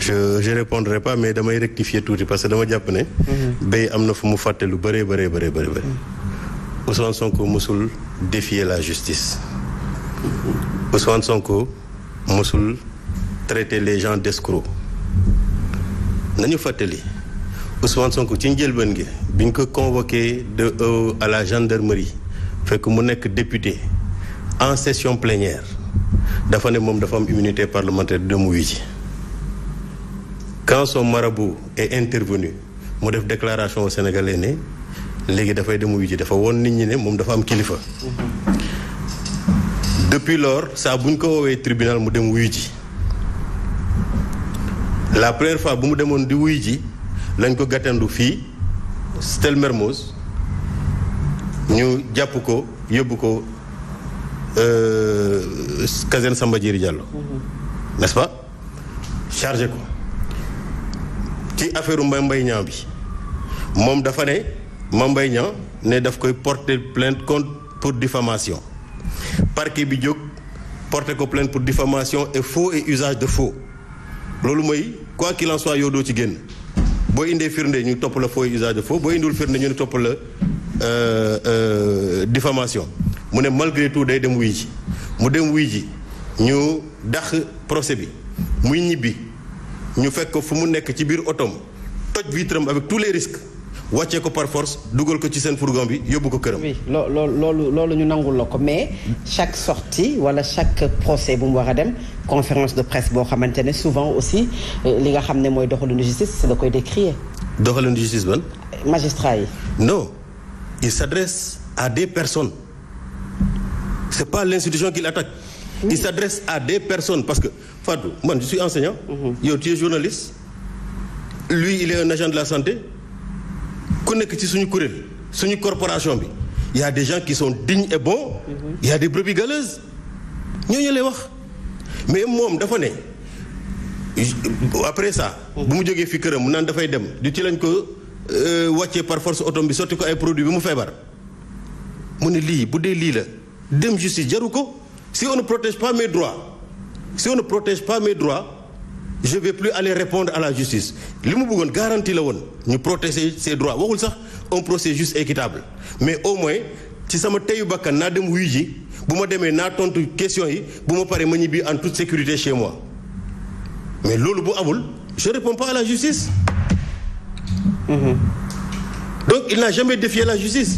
je je répondrai pas mais damay rectifier tout, parce que dama jàpp ne. Mhm. béy am na fu mu fàtte lu bëree mhm. Ousmane Sonko défier la justice. Ousmane Sonko mosul traiter les gens d'escrocs. nañu fàttali Ousmane Sonko ci njëlbeen gi biñ ko convoqué de à la gendarmerie fekk mu nekk député en session plénière dafa ne moom dafa am immunité parlementaire de wi quand son marabout est intervenu mu def déclaration au Sénégalais ne léegi dafay dem wuyu ji dafa woon nit ñi mum moom dafa am kilifa. depuis lors ça a ñu ko tribunal mu dem la première fois bu mu mon di wuyu ji lañ ko gàttandu fii Stèle Mermoz ñu jàpp ko yóbbu ko euh, caserne Diallo. Mm-hmm. n'est-ce pas chargé ko ci affaire Mbaye Mbaye Niang bi mom dafa né Mame Mbaye Niang daf koy porter plainte contre pour diffamation parquet bi jog porter ko plainte pour diffamation et faux et usage de faux lolou mooy quoi qu'il en soit yo do ci génn bo indé firndé ñu top la faux et usage de faux bo indul firndé ñu ne euh, euh, diffamation mu né malgré tout day dem wuy ji mu dem wuy ji ñu dakh procès bi muy ñibi ñu fekk ko fu mu nekk ci biir otom toj avec tous les risques wàccee ko par force dugal ko ci seen fourgon bi yóbbu ko këram. oui loo loolu loolu ñu nangul la ko mais chaque sortie wala chaque procès bu mu war a conférence de presse boo xamante ne souvent aussi euh, li nga xam ne mooy doxalinu justice da koy décrier. doxalinu justice ban. magistrat yi. non il s'adresse à des personnes c'est pas l'institution qu'il attaque. Il s'adresse à des personnes. Parce que, Fadou, moi, je suis enseignant, il mhm. tu journaliste, lui, il est un agent de la santé. une corporation, il y a des gens qui sont dignes et bons, il mhm. y a des brebis galeuses. Mais moi, je après ça bu mu Je du Je lañ ko euh, par force je suis là. produit Je si on ne protège pas mes droits, si on ne protège pas mes droits, je ne vais plus aller répondre à la justice. Ce mu bëggoon garantie la woon ñu protéger ses droits waxul sax un procès juste équitable mais au moins si sama ne bakkan pas dem wuyu ji me ma demee question yi bu en toute sécurité chez moi mais ce bu amul je réponds pas à la justice. Mm-hmm. donc il n'a jamais défié la justice.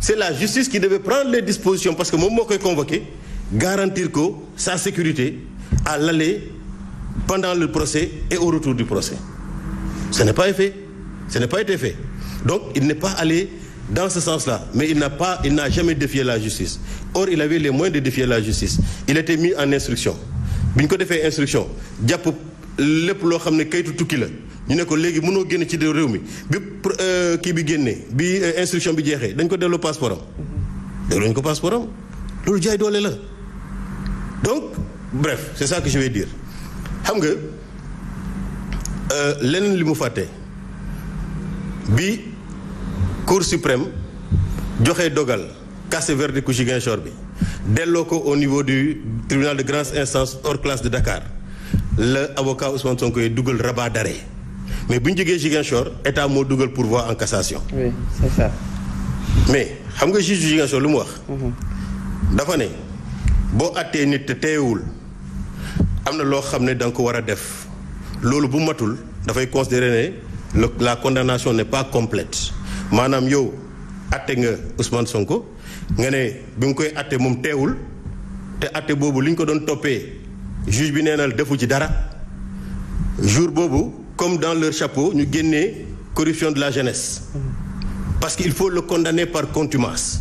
c'est la justice qui devait prendre les dispositions parce que mon mot est convoqué garantir que sa sécurité à l'aller, pendant le procès et au retour du procès. Ce n'est pas fait. Ce n'est pas été fait. Donc, il n'est pas allé dans ce sens-là, mais il n'a pas, il n'a jamais défié la justice. Or, il avait les moyens de défier la justice. Il était mis en instruction. Biñ ko fait instruction, japp lepp lo xamné fait tukki la. ñu ne ko légui mëno génn ci réew mi bi euh, ki bi génnee bi euh, instruction bi jéxé dañ ko délo passeport am. ñu ko passeport lolu jay jaay la donc bref c'est ça que je vais dire Vous euh, savez, leneen li mu bi cour suprême joxe dogal casser Kouji Ziguinchor bi le ko au niveau du tribunal de grande instance hors classe de Dakar l'avocat avocat Ousmane Sonko Dougal Dougal rabat d'arrêt mais bu ñu est un état Dougal pour pourvoi en cassation. oui c'est ça. mais xam le juge Ziguinchor le mhm. mot, Bo attee nit te teewul am na loo xam ko war def lolu bu matul fay considérer ne la condamnation n'est pas complète manam yo atte nga Ousmane Sonko nga ne bi koy atte moom teewul te atte ko don topé juge bi nénal defu ci dara jour bobu comme dans leur chapeau ñu génné corruption de la jeunesse parce qu'il faut le condamner par contumace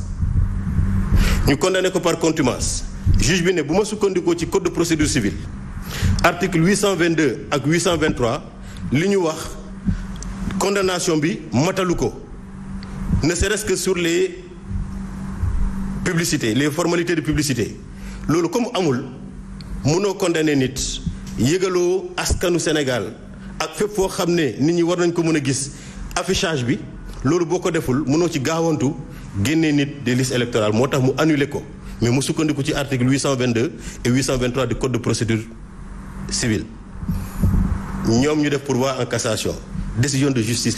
ñu condamné ko par contumace juge bi ne bu ma sukkandikoo ci code de procédure civile article 822 ak 823 li ñu wax condamnation bi matalu ko ne serait-ce que sur les publicités les formalités de publicité loolu comme amul mënoo condamné nit yëgaloo askanu Sénégal ak fépp foo xam ne nit ñi war nañ ko mën a gis affichage bi loolu boo ko deful mënoo ci gaawantu génnee nit des listes électorales moo mu annulé ko mais mu sukkandiku ci article 822 et 823 du code de procédure civile ñom ñu def voir en cassation décision de justice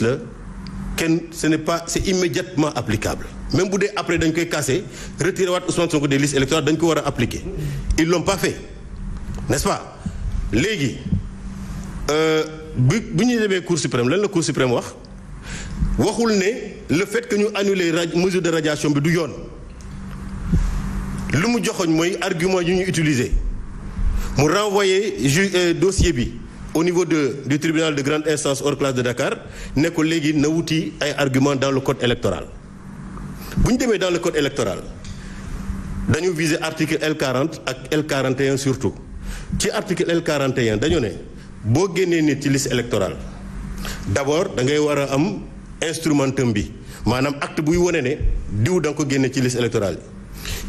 ce n'est pas c'est immédiatement applicable même boudé après dañ koy casser retirer wat Ousmane Sonko des listes électorales dañ ko wara appliquer ils l'ont pas fait n'est-ce pas légui si euh, bu ñu le cour suprême lan la cour suprême wax waxul ne le fait que nous ñu les mesures de radiation de du lu mu joxoñ argument yu renvoyer euh, dossier au niveau du tribunal de grande instance hors classe de Dakar ne ko na wuti argument dans le code électoral Si démé dans le code électoral dañu viser article L40 ak L41 surtout ci article L41 dañu ne bo génné né ci liste électorale d'abord da ngay wara am instrumentum bi manam acte buy woné ne diw da ko génné liste électorale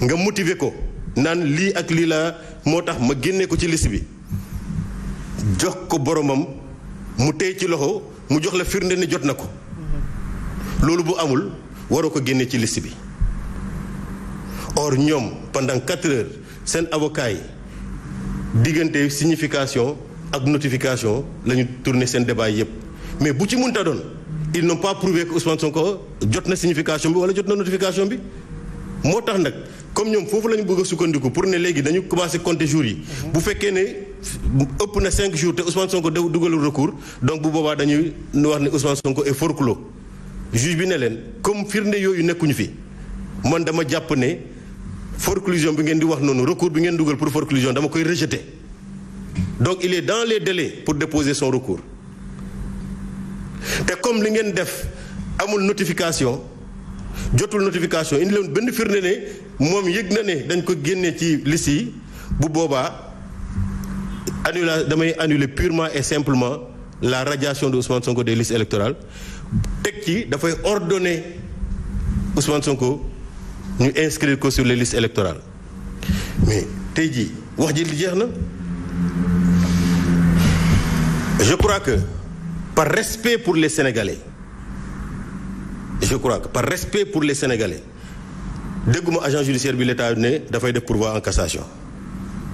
nga motiver ko nan li ak lii laa moo ma guenné ko ci liste bi jox ko boromam mu tey ci loxo mu jox la firnde ne jot na lolou bu amul waro ko guenné ci liste bi or ñom pendant 4 heures sen avocat yi digënté signification ak notification lañu tourner sen débat yépp mais bu ci munta don ils n'ont pas prouvé que Ousmane Sonko jot na signification bi wala jot na notification bi motax nak comme ñom fofu lañu bëgg sukkandiku pour né légui dañu commencé compter jours yi. Mhm. bu fekkee ne ëpp na cinq jours té Ousmane Sonko dugalu recours donc bu boobaa dañuy wax ne Ousmane Sonko est forclos juge bi ne leen comme firnde yoyu nekkuñu fi man dama japp né forclusion bi ngeen di wax noonu recours bi ngeen dugal pour forclusion dama koy rejeter donc il est dans les délais pour déposer son recours té comme li ngeen def amul notification jotul notification indi leen ben firnde né moi, je na ne dañ ko ci liste bu damay annuler purement et simplement la radiation de Ousmane Sonko des listes électorales teg ci dafay ordonner Ousmane Sonko ñu inscrire sur les listes électorales mais tey ji wax ji je crois que par respect pour les Sénégalais je crois que par respect pour les Sénégalais deux agents judiciaire de l'état ne dafay def pourvoi en cassation.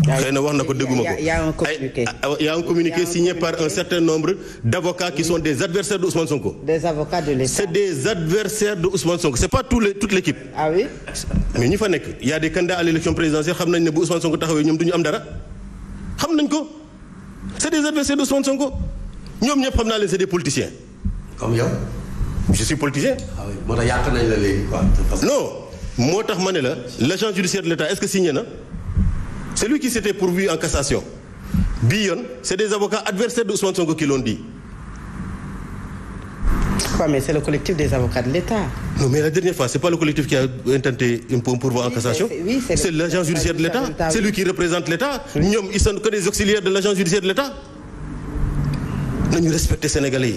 Il ko y' ah, ah, a un communiqué. signé par un certain nombre d'avocats qui sont des adversaires de Ousmane Sonko. des avocats de l'État. c'est des adversaires de Ousmane Sonko c'est pas tout le toute l'équipe. ah oui. mais ni fa Il y' a des candidats à l'élection présidentielle qui nañ ne bu Ousmane Sonko taxawee ñoom du ñu am dara xam ko c'est des adversaires de Ousmane Sonko ñoom ñëpp c'est des politiciens. comme yow. je suis politicien. ah oui moo tax yàq nañ la léegi quoi. non motax tax l'agent judiciaire de l'État, est ce que signé na lui qui s'était pourvu en cassation Bion, c'est des avocats adversaires de Ousmane Sonko qui l'ont dit. Quoi mais c'est le collectif des avocats de l'État. non mais la dernière fois ce n'est pas le collectif qui a intenté un pourvoi en cassation. oui l'agent judiciaire de l'État. c'est lui qui représente l'État. Ils ils sont que des auxiliaires de l'agent judiciaire de l'État. Nous respectons les sénégalais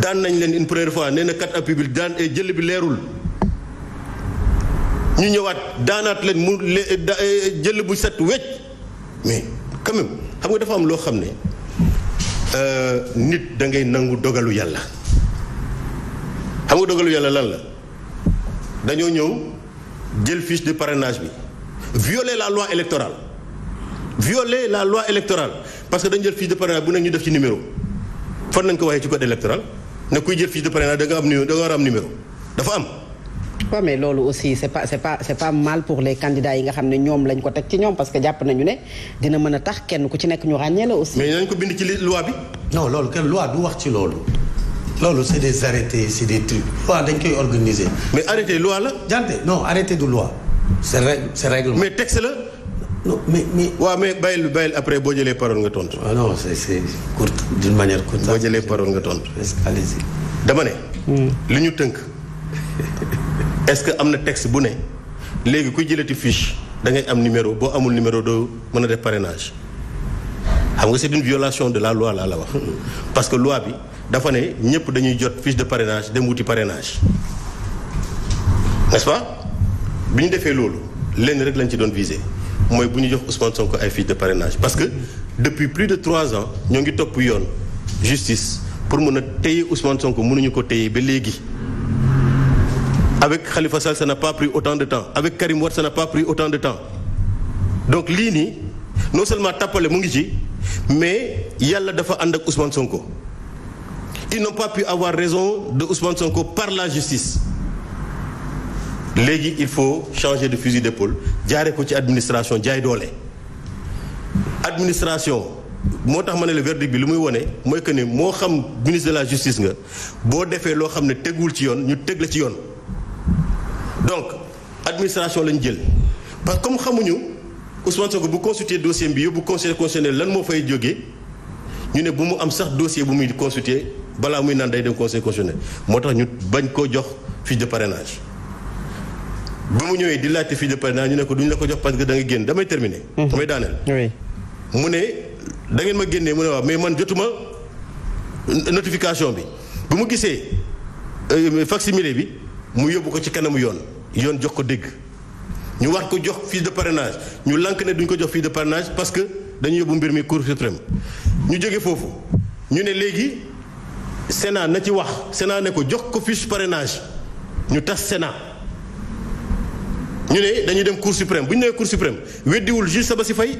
Dan une première fois nous avons quatre appuis bi et jël bi ñu ñëwaat daanaat leen mu eh, eh, jël bu set wecc mais quand xam nga dafa am loo xam ne euh, nit dangay nangu dogalu yàlla xam nga dogalu yàlla lan la dañoo ñëw jël fiche de parrainage bi violer la loi électorale violer la loi électorale parce que dañ jël fiche de parrainage bu nekk ñu def ci numéro fan nañ ko waxee ci code électoral ne kuy jël fiche de parrainage da nga am numéro da a am numéro dafa am. Oui, mais Lolo aussi c'est pas c'est pas c'est pas mal pour les candidats yi nga xam ne ñoom lañ ko ci parce que nous, nañu ne dina mën qui tax kenn ku ci nekk ñu ràññee la aussi. mais nañ ko bind ci loi bi. non Lolo, quelle loi du wax ci Lolo Lolo, c'est des arrêtés c'est des trucs loi dañ koy organiser. mais arrêté loi là jante non arrêté de loi. c'est règle c'est règlement. mais texte là non mais mais. mais bàyyil bàyyil après bougez les paroles, nga tontu. ah non c'est court d'une manière courte. Bougez les paroles, nga tontu. allez-y. dama ne. Hmm. lu est-ce que amna texte bu ne légui kuy jëlati fiche da ngay am numéro bo amul numéro do mën def parrainage xam nga c'est une violation de la loi là la wax parce que loi bi dafa ne ñëpp dañuy jot fiche de parrainage dem wuti parrainage n'est-ce pas biñu défé lolu lén rek lañ ci doon viser moy buñu jox Ousmane Sonko ay fiche de parrainage parce que depuis plus de trois ans ñongi top topp yoon justice pour mën a Ousmane Sonko mënuñu ko téye ba légui avec Khalifa Sall, ça n'a pas pris autant de temps. Avec Karim Ward, ça n'a pas pris autant de temps. Donc l'INI, non seulement le Mungiji, mais il Yalla Dafa Andak Ousmane Sonko. Ils n'ont pas pu avoir raison de Ousmane Sonko par la justice. Légi, il faut changer de fusil d'épaule J'ai ko ci administration j'ai doole administration moo je le verdict bi lu muy je ministre de la justice nga je suis le ministre de la justice donc administration lañ jël parce comme xamuñu Ousmane Sonko bu consulter dossier bi yobu conseil constitutionnel lan Nous fay ñu bu mu am sax dossier bu consulter bala muy day dem conseil constitutionnel ñu jox fiche de parrainage Vous mu di de parrainage ñu ne ko duñ la ko jox terminer. Mhm. oui mu da ma mu notification euh, yoon jox ko dégg ñu war ko jox fils de parrainage ñu lank ne duñ ko jox fiche de parrainage parce que dañu yóbbu mbir mi cour suprême ñu jóge foofu ñu ne léegi Sénat na ci wax Sénat ne ko jox ko de parrainage ñu tas Sénat ñu ne dañuy dem cour suprême bu ñu cour suprême weddiwul juge Sabassy fay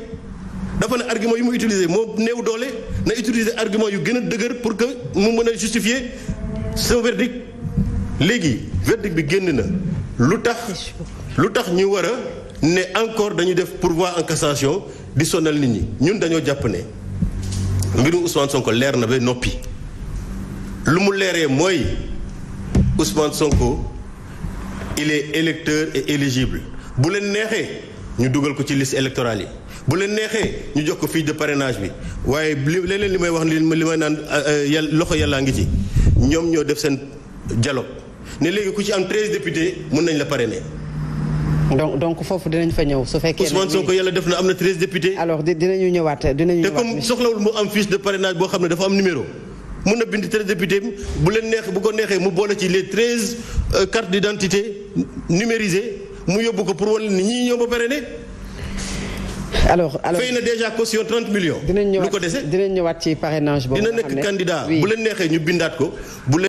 dafa ne argument yu mu utiliser moo néew doole na utiliser argument yu gën a dëgër pour que mu mën a justifier son verdict léegi verdict bi génn na L'Utah, nous encore dañu def pourvoi en cassation di sonal nit ñi ñun dañoo japp ne nous Ousmane Sonko leer na ba noppi lu mu leeree mooy Ousmane Sonko il est électeur et éligible bu leen neexee ñu dugal ko ci liste électorale yi bu leen neexee ñu jox ko fiche de parrainage bi waaye leneen li may wax li may naan euh, loxo ngi ci ñoo def dialogue ne léegi ku ci am 13 députés mun nañ la parrainer. donc donc foofu dinañ fa ñëw su fekkee. Ousmane Sonko yàlla def na am na treize députés. alors dinañu ñëwaat dinañu ñëwaat. te comme soxlawul mu am fiche de parrainage boo xam ne dafa am numéro. mun na bind 13 députés bu leen neex bu ko neexee mu boole ci les 13 euh, cartes d' identité numérisées mu yóbbu ko pour wane ni ñii ñoo ba parrainer alors alors fay na déjà caution 30 millions. dinañ ñëwaat lu ko dese dinañ ñëwaat ci parrainage boobu. dina nekk candidat bu leen neexee ñu bindaat ko bu